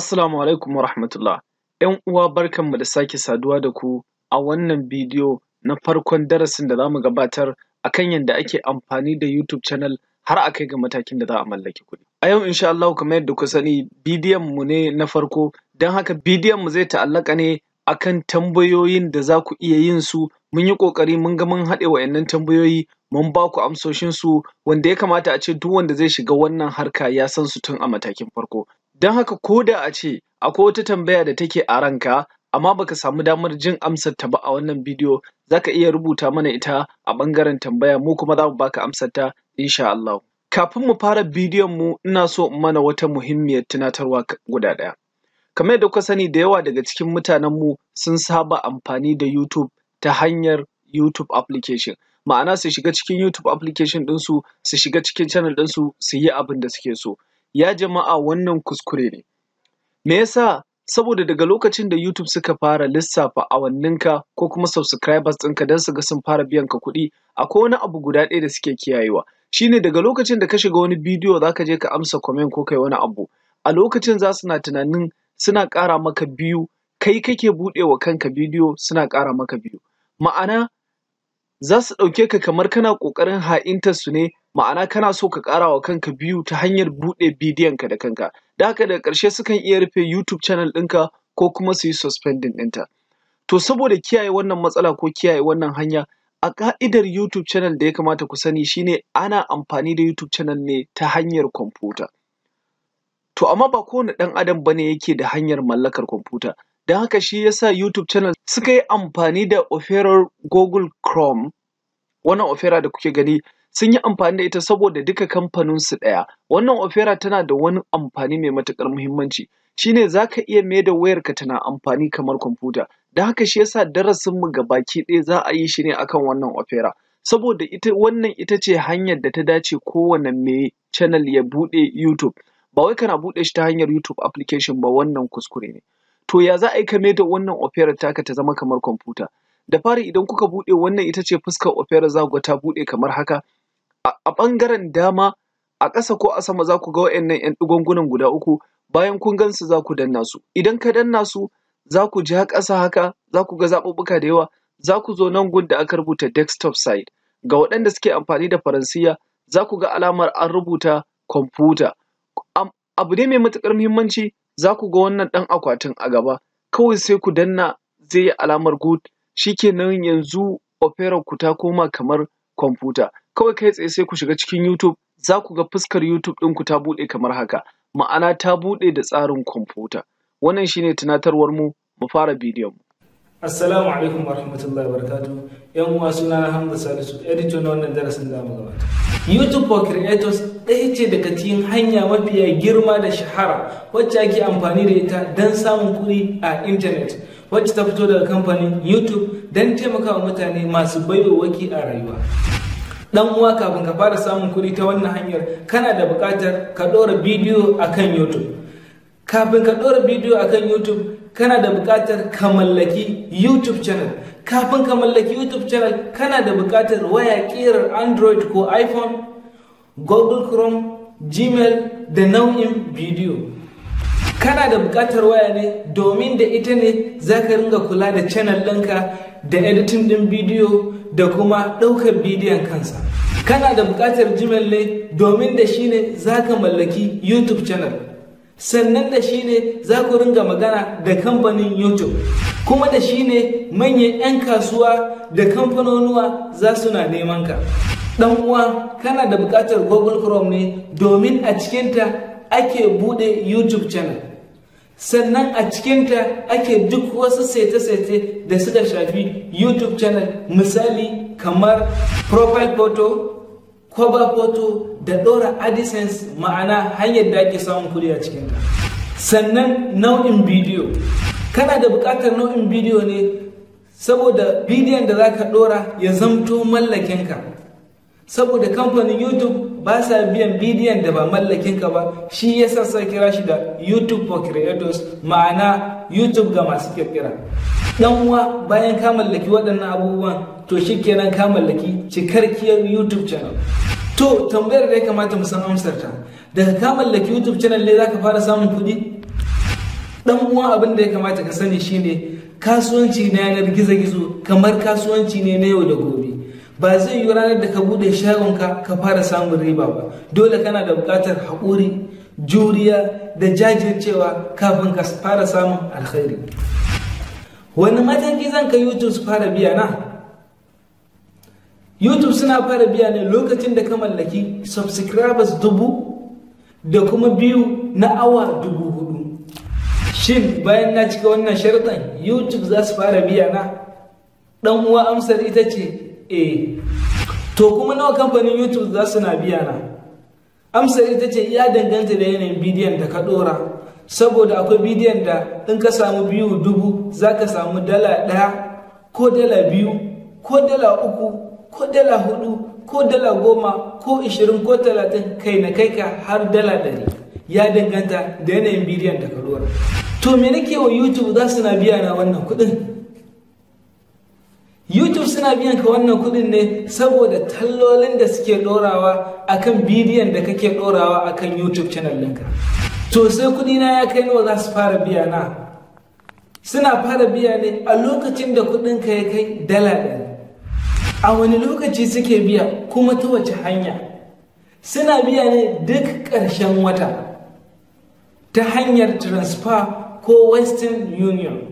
Assalamu alaikum warahmatullah ‘yan uwa barkanmu da sake saduwa da ku a wannan bidiyo na farkon darasin da za mu gabatar a kan yadda ake amfani da YouTube channel har a kai ga matakin da za a mallaki kuɗi. A yau insha Allahu kamar yadda kuka sani bidiyon mu ne na farko don haka bidiyon mu zai ta'allaka ne akan tambayoyin da za ku iya yin su mun yi ƙoƙari mun ga mun haɗe wa'innan tambayoyi mun ba ku amsoshin wanda ya kamata a ce duk wanda zai shiga wannan harka ya san su tun a matakin farko Don haka ko da a ce akwai wata tambaya da take a ranka amma baka samu damar jin amsar ta ba a wannan bidiyo za ka iya rubuta mana ita a ɓangaren tambaya mu kuma za mu baka amsar ta insha Allah. Kafin mu fara bidiyon mu ina so in mana wata muhimmiyar tunatarwa guda ɗaya. Kamar yadda kuka sani da yawa daga cikin mutanen mu sun saba amfani da YouTube ta hanyar YouTube application. Ma'ana su shiga cikin YouTube application ɗinsu, su shiga cikin channel ɗinsu su yi abin da suke so. ya jama'a wannan kuskure ne me yasa saboda daga lokacin da YouTube suka fara lissafa awanninka ko kuma subscribers ɗinka don su ga sun fara biyan ka kuɗi akwai wani abu guda ɗaya da suke kiyayewa Shi ne daga lokacin da ka shiga wani bidiyo za ka je ka amsa comment ko kai wani abu a lokacin za su na tunanin suna ƙara maka biyu kai kake buɗe wa kanka bidiyo suna ƙara maka biyu ma'ana za su ɗauke ka kamar kana ƙoƙarin ha'intar su ne ma'ana kana so ka ƙara wa kanka biyu ta hanyar buɗe bidiyon ka da kanka da haka daga ƙarshe sukan iya rufe YouTube channel ɗinka ko kuma su yi suspending ɗinta to saboda kiyaye wannan matsala ko kiyaye wannan hanya a ka'idar YouTube channel da ya kamata ku sani shine ana amfani da YouTube channel ne ta hanyar kwamfuta to amma ba kowane ɗan adam bane yake da hanyar mallakar kwamfuta Don haka shi ya sa YouTube channel suka yi amfani da oferar Google Chrome, wannan ofera da kuke gani sun yi amfani da ita saboda duka kamfaninsu ɗaya. Wannan ofera tana da wani amfani mai matuƙar muhimmanci. shine za ka iya mai da wayarka tana amfani kamar kwamfuta. Don haka shi yasa darasinmu baki ɗaya za a yi shi ne akan wannan ofera. Saboda ita wannan ita ce hanyar da ta dace kowane mai channel ya buɗe YouTube. Ba wai kana buɗe shi ta hanyar YouTube application ba wannan kuskure ne. to ya za a yi ka da wannan operar taka ta zama kamar kwamfuta da fari idan kuka buɗe wannan ita ce fuskar operar za ku ta buɗe kamar haka a ɓangaren dama a ƙasa ko a sama za ku ga waɗannan 'yan ɗigongunan guda uku bayan kun gansu za ku danna su idan ka danna su za ku ja ƙasa haka za ku ga zaɓuɓɓuka da yawa za ku zo nan gun da aka rubuta desktop side ga waɗanda suke amfani da faransiya za ku ga alamar an rubuta kwamfuta abu ne mai matuƙar muhimmanci za ku ga wannan ɗan akwatin a gaba kawai sai ku danna zai yi alamar good shikenan yanzu opera ku ta koma kamar kwamfuta kawai kai tsaye sai ku shiga cikin YouTube za ku ga fuskar YouTube ku ta buɗe kamar haka ma'ana ta buɗe da tsarin kwamfuta wannan shine tunatarwar mu mu fara bidiyon mu assalamu alaikum warahmatullahi wabarakatuh yan uwa suna hamza salisu editor na wannan darasin da mu gabata youtube for creators ɗaya ce daga cikin hanya mafiya girma da shahara wacce ake amfani da ita don samun kuɗi a intanet wacce ta fito daga kamfanin youtube don taimakawa mutane masu baiwaki a rayuwa dan uwa kafin ka fara samun kuɗi ta wannan hanyar kana da buƙatar ka ɗora bidiyo akan youtube kafin ka ɗora bidiyo a kan youtube kana da buƙatar ka mallaki youtube channel kafin ka mallaki youtube channel kana da buƙatar waya ƙirar android ko iphone google chrome gmail da nau'in bidiyo kana da buƙatar waya ne domin da ita ne za ka ringa kula da channel ɗinka da editing ɗin bidiyo da kuma ɗaukar bidiyon kansa kana da buƙatar gmail ne domin da shi ne za ka mallaki youtube channel sannan da shi ne za ku ringa magana da kamfanin youtube kuma da shi ne manyan 'yan kasuwa da kamfanonuwa za su na neman ka dan uwa kana da bukatar google chrome ne domin a cikinta ake bude youtube channel sannan a cikinta ake duk wasu sete sete da suka shafi youtube channel misali kamar profile photo ba foto da ɗora AdSense ma'ana hanyar da ake samun kuɗi a cikinta. Sannan nau'in bidiyo. Kana da buƙatar nau'in bidiyo ne saboda bidiyon da za ka ɗora ya zamto mallakinka. Saboda kamfanin YouTube ba sa biyan bidiyon da ba mallakinka ba shi ya sassa kira shi da YouTube for Creators ma'ana YouTube ga masu kirkira. dan uwa bayan ka mallaki waɗannan abubuwan to shikenan ka mallaki cikakkiyar youtube channel to tambayar da ya kamata mu san amsar ta daga ka mallaki youtube channel ne zaka fara samun kuɗi dan uwa abin da ya kamata ka sani shine kasuwanci na yanar gizo-gizo kamar kasuwanci ne na yau da gobe ba zai yi ranar da ka bude shagonka ka fara samun riba ba dole kana da buƙatar haƙuri juriya da jajircewa kafin ka fara samun alkhairi wani mataki zan ka youtube su fara biya na youtube suna fara biya ne lokacin da ka mallaki subscribers dubu da kuma biyu na awa dubu hudu shin bayan na cika wannan sharɗan youtube za su fara biya na ɗan uwa amsar ita ce eh to kuma nawa kamfanin youtube za su na biya na amsar ita ce ya danganta da yanayin bidiyon da ka ɗora saboda akwai bidiyon da in ka samu biyu dubu za ka samu dala ɗaya ko dala biyu ko dala uku ko dala hudu ko dala goma ko ishirin ko talatin kai na kai ka har dala ɗari ya danganta da yanayin bidiyon da ka to me nake wa youtube za su na biya na wannan kuɗin YouTube suna biyan ka wannan kuɗin ne saboda tallolin da suke ɗorawa akan bidiyon da kake ɗorawa akan YouTube channel ɗinka. to sai kuɗi na ya kai nawa za su fara biya na suna fara biya ne a lokacin da ka ya kai dala ɗari a wani lokaci suke biya kuma ta wace hanya suna biya ne duk ƙarshen wata ta hanyar transfer ko western union